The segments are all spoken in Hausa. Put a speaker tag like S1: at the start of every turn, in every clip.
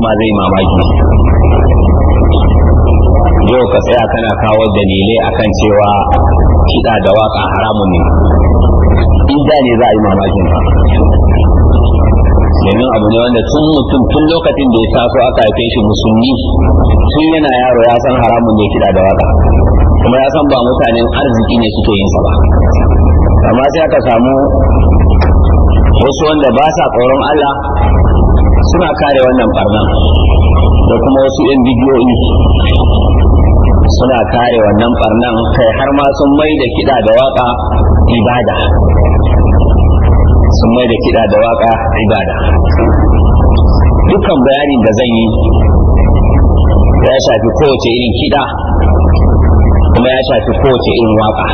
S1: ma zai mamaki yau ka tsaya kana kawo dalilai akan cewa kiɗa da waka haramun ne inda ne za a yi mamakin ka domin abu ne wanda tun mutum tun lokacin da ya taso aka haife shi musulmi tun yana yaro ya san haramun ne kiɗa da waka kuma ya san ba mutanen arziki ne suke yin sa ba amma sai aka samu wasu wanda ba sa tsoron Allah suna kare wannan barnan da kuma wasu yan bidiyoyi suna kare wannan barnan kai har ma sun mai da kiɗa da waka ibada sun mai da kiɗa da waka ibada dukkan bayanin da zan yi ya shafi kowace irin kiɗa kuma ya shafi kowace irin waka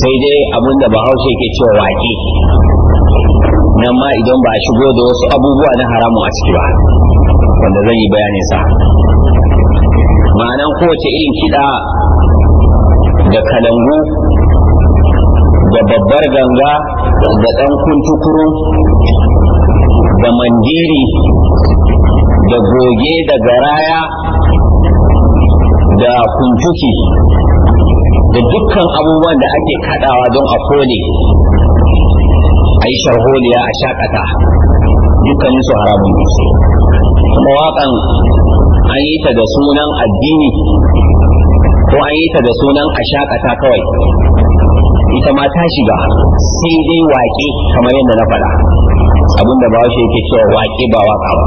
S1: sai dai abinda bahaushe ke cewa wake. nan ma idan ba a shigo da wasu abubuwa na haramun a ciki ba wanda zan yi bayanin sa ma'anan kowace irin kiɗa da kalangu da babbar ganga da ɗan kuntukuru da mandiri da goge da garaya da kuntuki da dukkan abubuwan da ake kaɗawa don a kone yi sharholiya a shakata dukkanin su haramun ne kuma waƙan an yi ta da sunan addini ko an yi ta da sunan a shakata kawai ita ma ta shiga sai dai waƙe kamar yadda na faɗa abinda ba shi yake cewa waƙe ba waƙa ba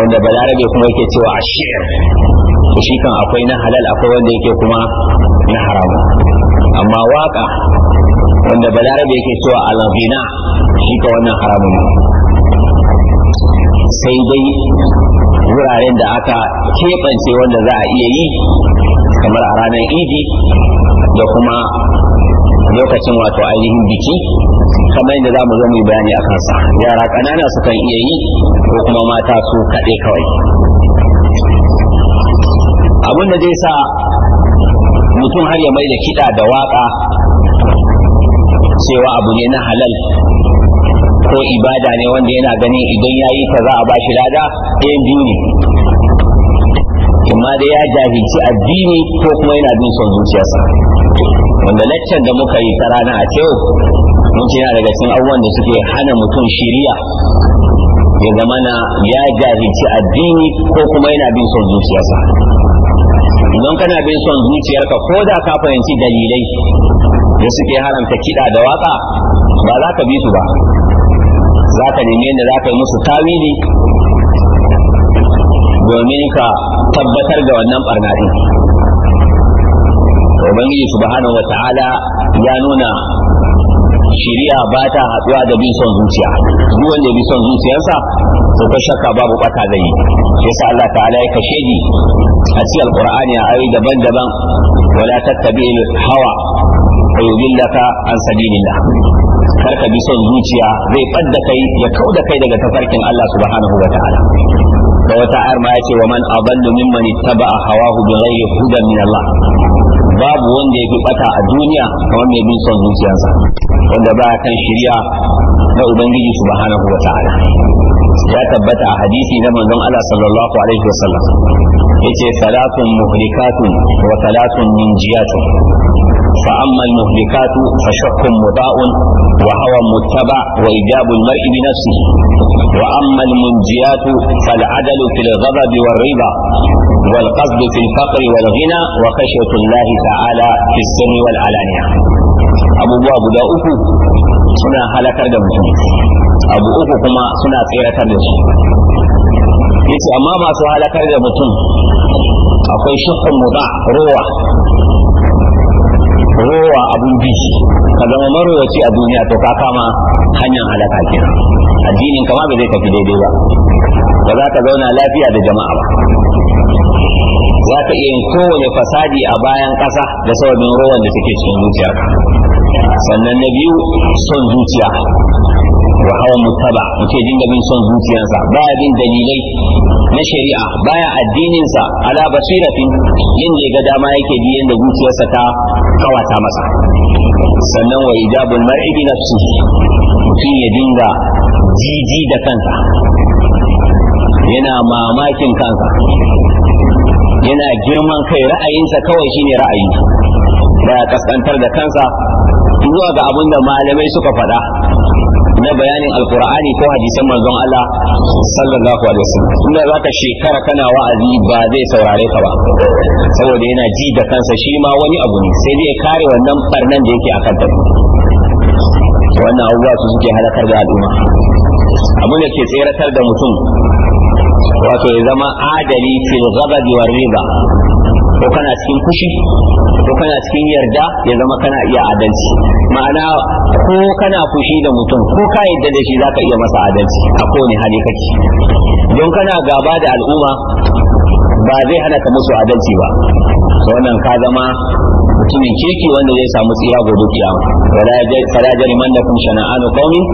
S1: wanda balarabe kuma yake cewa a shi'ar shi kan akwai na halal akwai wanda yake kuma na haramu amma waƙa wanda balarabe yake cewa alabina shi ka wannan haramun sai dai wuraren da aka keɓance wanda za a iya yi kamar a ranar idi da kuma lokacin wato ainihin biki kamar yadda za mu zo yi bayani a kansa yara ƙanana sukan iya yi ko kuma mata su kaɗai kawai abin da zai sa mutum har ya mai da kiɗa da waƙa cewa abu ne na halal ko ibada ne wanda yana ganin idan ya yi ta za a bashi lada ɗayan biyu ne amma dai ya jahilci addini ko kuma yana bin son zuciyarsa wanda laccan da muka yi ta rana a cewa mun ce daga cikin abubuwan da suke hana mutum shiriya ya zama na ya jahilci addini ko kuma yana bin son zuciyarsa don kana bin son zuciyarka ko da ka fahimci dalilai da suke haramta kiɗa da waƙa ba za ka bi su ba za ka neme da za ka yi musu tawili domin ka tabbatar da wannan barna din ubangiji subhanahu wata'ala ya nuna shiriya ba ta haɗuwa da bison zuciya duk wanda ya bi son zuciyarsa to ka shakka babu bata zai yasa Allah ta'ala ya kashe ni a cikin alqur'ani a ayoyi daban-daban wala tattabi'il hawa fayudillaka an sabilillah kar ka bi son zuciya zai fadda kai ya kauda kai daga tafarkin Allah subhanahu wa ta'ala da wata ayar ma ce wa man adallu mimman ittaba'a hawahu bighairi hudan min Allah babu wanda ya fi bata a duniya kamar mai bin son zuciyarsa wanda baya kan shirya na ubangiji subhanahu wa ta'ala ya tabbata a hadisi na manzon Allah sallallahu alaihi wasallam yace salatun muhlikatun wa salatun ninjiyatun فأما المهلكات فشق مضاء وهوى متبع وإجاب المرء بنفسه وأما المنجيات فالعدل في الغضب والرضا والقصد في الفقر والغنى وخشية الله تعالى في السر والعلانية أبو باب داؤه سنة هلكر دمتم أبو أوكو كما سنة سيرة دمتم yace amma masu halakar da mutum akwai shukun muda ruwa rowa abun bi ka zama marowaci a duniya to ka kama hanyar halaka kenan addinin kama ba zai tafi daidai ba ba za ka zauna lafiya da jama'a ba za ka iya yin kowane fasadi a bayan ƙasa da sababin rowan da suke cikin zuciyarka sannan na biyu son zuciya wa hawa mutaba mutum ya dinga bin son zuciyarsa baya bin dalilai na shari'a bayan addininsa ala basiratin yanda ya ga dama yake bi yanda zuciyarsa ta kawata masa sannan wa ijabul mar'i bi nafsihi mutum ya dinga jiji da kansa yana mamakin kansa yana girman kai ra'ayinsa kawai shine ra'ayi da kaskantar da kansa zuwa ga abin da malamai suka faɗa na bayanin alkur'ani ko hadisan manzon Allah sallallahu alaihi wasallam inda zaka shekara kana wa'azi ba zai saurare ka ba saboda yana ji da kansa shi ma wani abu ne sai dai kare wannan barnan da yake akan ta wannan abubuwa su suke halakar da al'umma abin da ke tseratar da mutum wato ya zama adali fil ghadabi war riba ko kana cikin fushi ko kana cikin yarda ya zama kana iya adalci ma'ana ko kana fushi da mutum ko ka yadda da shi zaka iya masa adalci a kowane hali kake don kana gaba da al'umma ba zai hana ka musu adalci ba wannan ka zama mutumin kirki wanda zai samu tsiya gobe kiyama fala jari man lakum shana'anu qaumin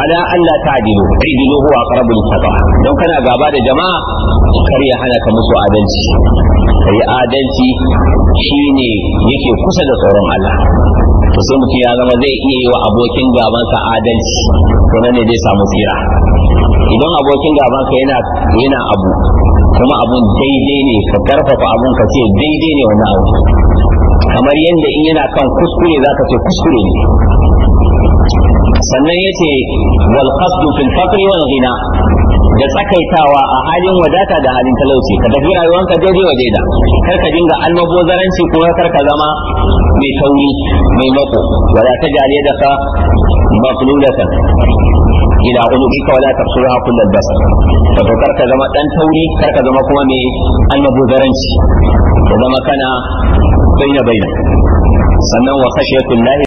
S1: ala Allah ta'dilu ta'dilu huwa aqrabu lit-taqwa don kana gaba da jama'a kar ya hana ka musu adalci kai adalci shine yake kusa da tsoron Allah to sai mutum ya zama zai iya yi wa abokin gabansa adalci to nan ne zai samu tsira idan abokin gabanka yana yana abu kuma abun daidai ne ka karfafa abun ka ce daidai ne wannan abu kamar yadda in yana kan kuskure za ka ce kuskure ne sannan ya ce qasdu fil faqri wal ghina da tsakaitawa a halin wadata da halin talauci ka tafi rayuwanka daidai wa daida kar ka dinga almabozaranci ko kar ka zama mai tauri mai mako wala ta jali da ka maqlulatan ila ulubika wala tafsuruha kullal basar wato kar ka zama dan tauri kar ka zama kuma mai almabozaranci ka zama kana baina baina sannan wa khashiyatullahi